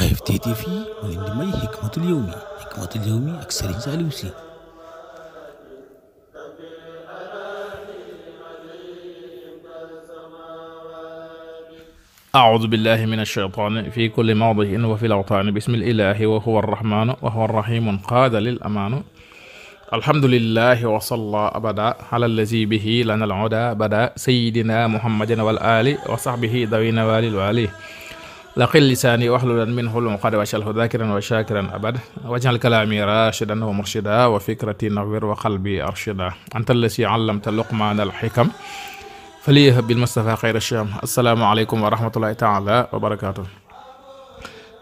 AFT TV mu leen di may Hikmatul Yawmi Hikmatul Yawmi ak Serigne Saliou Sy أعوذ بالله من الشيطان في كل موضع وفي الأوطان بسم الإله وهو الرحمن وهو الرحيم قاد للأمان الحمد لله وصلى أبدا على الذي به لنا العدى بدا سيدنا محمد والآل وصحبه ذوي النوال الوالي laqil lisaani waxlulan min xulum xad wacalhu dakiran wa shakiran abad wajal kalaami rachidan wa murshida wa fikrati nawir wa qalbi arshida anta allasi allamta luqmaana alxikam faliyah bil mustafa xayra sham assalaamu aleykum wa taala wa barakaatu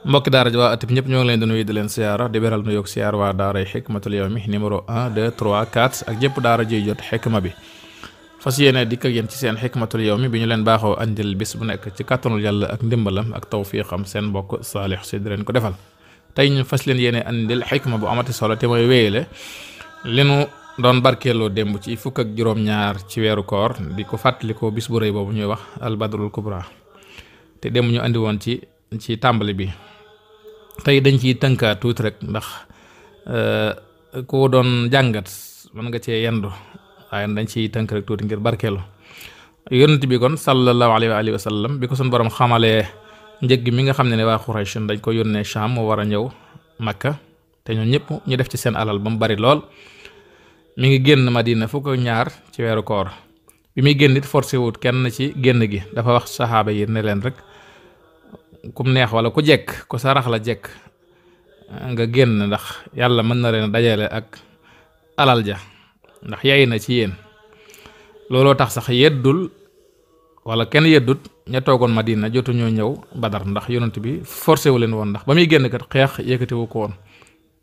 mbokki daara ji waa atib ñëpp ñoo ngi leen di nuyu di leen siyaara di beral nuyoog siyaar waa daaray xikmatul ak jëpp daara jiy jot xikma bi fas yéene dikk ak yéen ci seen xikmatul mi bi ñu leen baaxoo andil bis bu nekk ci kàttanul yàlla ak ndimbalam ak tawfiqam seen bokk Saalix Si di leen ko defal tey ñu fas leen yéene andil xikma bu amati solo te mooy wéyale li nu doon barkeeloo démb ci fukk ak juróom ci weeru koor di ko fàttalikoo bis bu rëy boobu ñuy wax albadrul kubra te démb ñu woon ci ci tàmbali bi tey dañ ciy tënkaat tuuti rek ndax euh, ku doon jàngat mën nga cee yendu waaye dañ ciy tënk rek tuuti ngir barkeelu yonent bi kon sallallahu alayhi wa alihi wa sallam bi ko suñ boroom xamalee njëg mi nga xam ne ne waa Quraysh dañ ko yónnee Sham mu war a ñëw Makka te ñun ñëpp ñu def ci seen alal ba mu bari lool mu ngi génn Madina fukk ko ñaar ci weeru koor bi muy génn it forcé wut kenn ci génn gi dafa wax saxaaba yi ne leen rek kum neex wala ku jekk ku sarax la jekk nga génn ndax yàlla mën na leen dajale ak alal ja ndax yay na ci yéen looloo tax sax yeddul wala kenn yeddut ña toogoon Madina jotu ñoo ñëw Badar ndax yonent bi forcé wu leen woon ndax ba muy génn kat xeex yëkkatiwu ko woon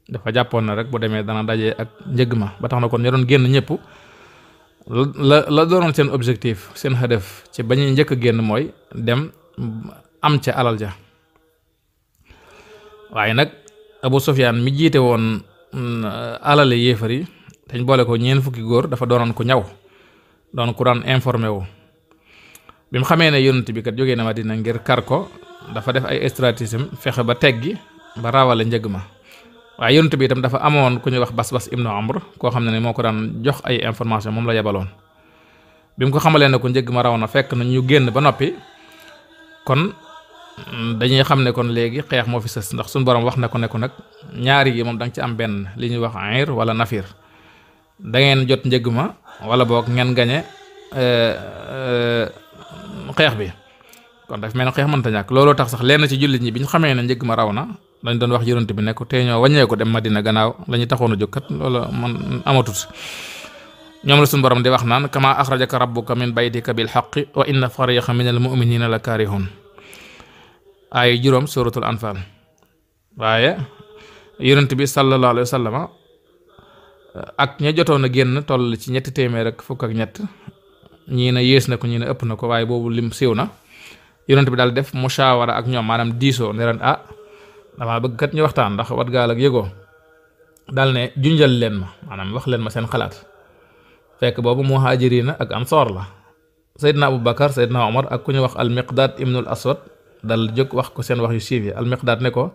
dafa jàppoon na rek bu demee dana daje ak njëg ma ba tax na kon ña doon génn ñëpp la la doonoon seen objectif seen xadef ci ba ñuy njëkk génn mooy dem am ca alal ja waaye nag Abu Sufyaan mi jiite woon mm, alale yéefar yi dañ boole ko ñeen fukki góor dafa doonoon ko ñaw doon ku daan informé wu bi mu xamee ne yonent bi kat jógee na Madina ngir kar ko dafa def ay stratégie fexe ba teggi ba raawale njëg ma waaye yonent bi itam dafa amoon ku ñuy wax bas-bas no amr koo xam ne ne moo ko daan jox ay information moom la yebaloon bi mu ko xamalee ne ko njëg ma raw na fekk nañu génn ba noppi kon dañuy xam ne kon léegi xeex moo fi sës ndax suñu borom wax na ko ne nag ñaari yi moom danga ci am benn li ñuy wax ayir wala nafir da ngeen jot njëg ma wala boog ngeen gañe euh, euh, xeex bi kon daf mel ne xeex mënta ñàkk looloo tax sax lenn ci jullit ñi bi ñu xamee ne njëg ma raw na dañ doon wax yonent bi nekk tey ñoo wàññeeku dem Madina gannaaw la ñu taxoon a jóg kat loola man amatut ñoom la suñu borom di wax naan kama axrajaka rabbuka min baytika bil xaqi wa inna fariqan min al muminina la kaarihun ay juróom suratul anfal waaye yonent bi sallallahu alayhi wa sallama ak ña jotoon a génn toll ci ñetti téeméer ak fukk ak ñett ñii na yées na ko ñii ne ëpp na ko waaye boobu lim siiw na yonent bi daal def mu mushawara ak ñoom maanaam diisoo ne ren ah damaa bëgg kat ñu waxtaan ndax wat gaal ak yëgoo daal ne junjal leen ma maanaam wax leen ma seen xalaat fekk boobu muhaajirina ak ansoor la Seydina Aboubacar Seydina Omar ak ku ñu wax almiqdaad ibnul aswad dal jëkk wax ko seen wax yu siiw yi almiqdaad ne ko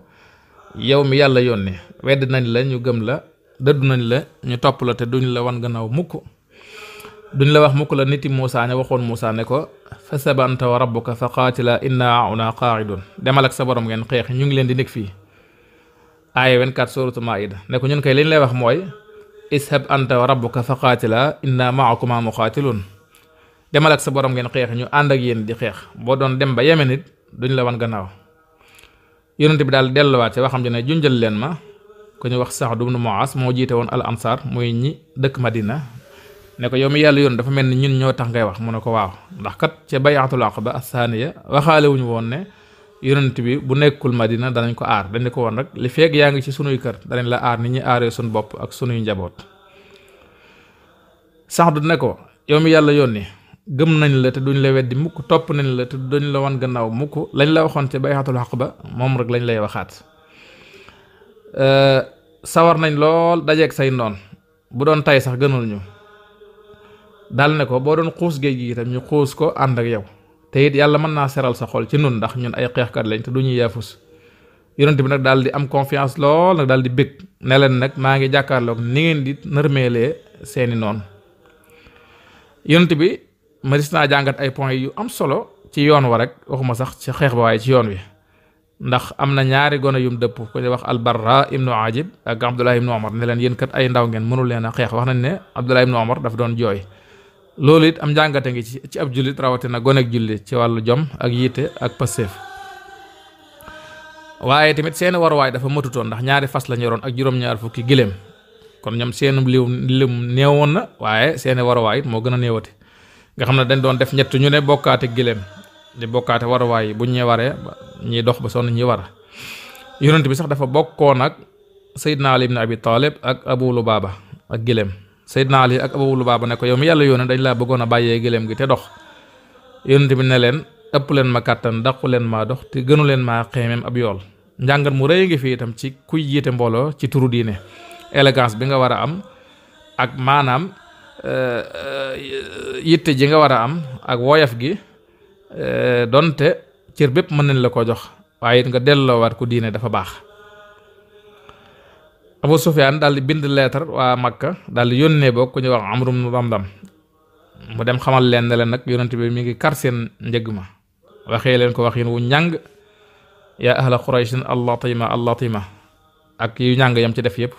yow mi yàlla yónni wedd nañ la ñu gëm la dëddu nañ la ñu topp la te duñ la wan gannaaw mukk duñ la wax mukk la nit niti Moussa ne waxoon Moussa ne ko fa sabanta wa rabbuka fa qaatila inna una qaaidun demal ak sa borom ngeen xeex ñu ngi leen di nekk fii aaya 24 suratu maida ne ko ñun kay liñ lay wax mooy ishab anta wa rabbuka fa qaatila inna maakuma muqaatilun demal ak sa borom ngeen xeex ñu ànd ak yéen di xeex boo doon dem ba yemen it duñ la wan gannaaw yonent bi daal delluwaat ci waxam ji ne junjal leen ma ko ñu wax Saad ibn Muaz moo jiite woon al ansar muy ñi dëkk Madina ne ko yow mi yàlla yoon dafa mel ni ñun ñoo tax ngay wax mu ne ko waaw ndax kat ca bayatul aqaba ba waxaale wuñu woon ne yonent bi bu nekkul Madina danañ ko aar dañ ko woon rek li feeg yaa ngi ci sunuy kër danañ la aar ni ñuy aaree suñu bopp ak sunuy njaboot Saad ne ko yow mi yàlla yónni gëm nañ la te duñ la weddi mukk topp nañ la te duñ la wan gannaaw mukk lañ la waxoon ca bayatul ba moom rek lañ lay waxaat Eh, sawar nañ lool dajeeg say noon bu doon tay sax gënal ñu dal ne ko boo doon xuus géej gi itam ñu xuus ko ànd ak yow te it yàlla mën naa seral sa xol ci nun ndax ñun ay xeexkat lañ te du ñuy yaafus yonent bi nag daal di am confiance lool nag daal di bég ne leen nag maa ngi jàkkaarloog ni ngeen di nërmeelee seeni noon yonent bi ma naa jàngat ay point yu am solo ci yoon wa rek waxuma sax ci xeex ba waaye ci yoon wi ndax am na ñaari gone yum dëpp ku ñu wax albarra ibnu ajib ak abdullah ibnu omar ne leen yéen ay ndaw ngeen mënul leen a xeex wax nañ ne abdullah ibnu omar dafa doon jooy loolu it am njàngate ngi ci ci ab jullit rawatina gonek jullit ci wàllu jom ak yiite ak passeef waaye tamit seeni waruwaay dafa matutoon ndax ñaari fas la ñoroon ak juróom-ñaar fukki giléem kon ñoom seen liw lim néewoon na waaye seeni waruwaay it moo gën a néewati nga xam ne dañ doon def ñett ñu ne bokkaate giléem di bokkaate waruwaay yi bu ñuy waree ñuy dox ba sonn ñuy war yonent bi sax dafa bokkoon ak Seydina Ali ibn Abi Talib ak Abu Lubaaba ak gëléem Seydina Ali ak Abu Lubaaba ne ko yow mi yàlla yónnee dañ laa bëggoon a bàyyee gëléem gi te dox yonent bi ne leen ëpp leen ma kàttan daqu leen maa dox te gënu leen maa xeemeem ab yool njàngat mu rëy ngi fii itam ci kuy jiite mbooloo ci turu diine élégance bi nga war a am ak maanaam euh, euh, yitte ji nga war a am ak woyaf gi Euh, donte cër bépp mën nañ la koo jox waaye it nga delloowaat ko diine dafa baax Abu Sufyaan daal di bind leetar waa Makka dal di yónnee boog ku ñuy wax Amru ibn mu dem xamal leen ne leen nag yonent bi mi ngi kar seen njëg ma waxee leen ko wax waxin wu ñàng yaa ahla Qurayshin allatima allatima ak yu ñàng yam ci def yépp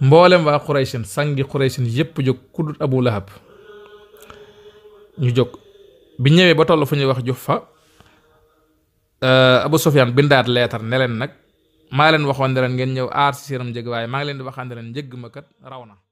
mboolem waa Qurayshin sangi Qurayshin yépp jóg ku dul Abu Lahab ñu jóg bi ñëwee ba toll fu ñuy wax juf fa eh, Abu Sufyaan bindaat leetar ne leen nag maa leen waxoon ne leen ngeen ñëw aar si séeram njëg waaye maa ngi leen di waxaan ne leen njëgg ma raw na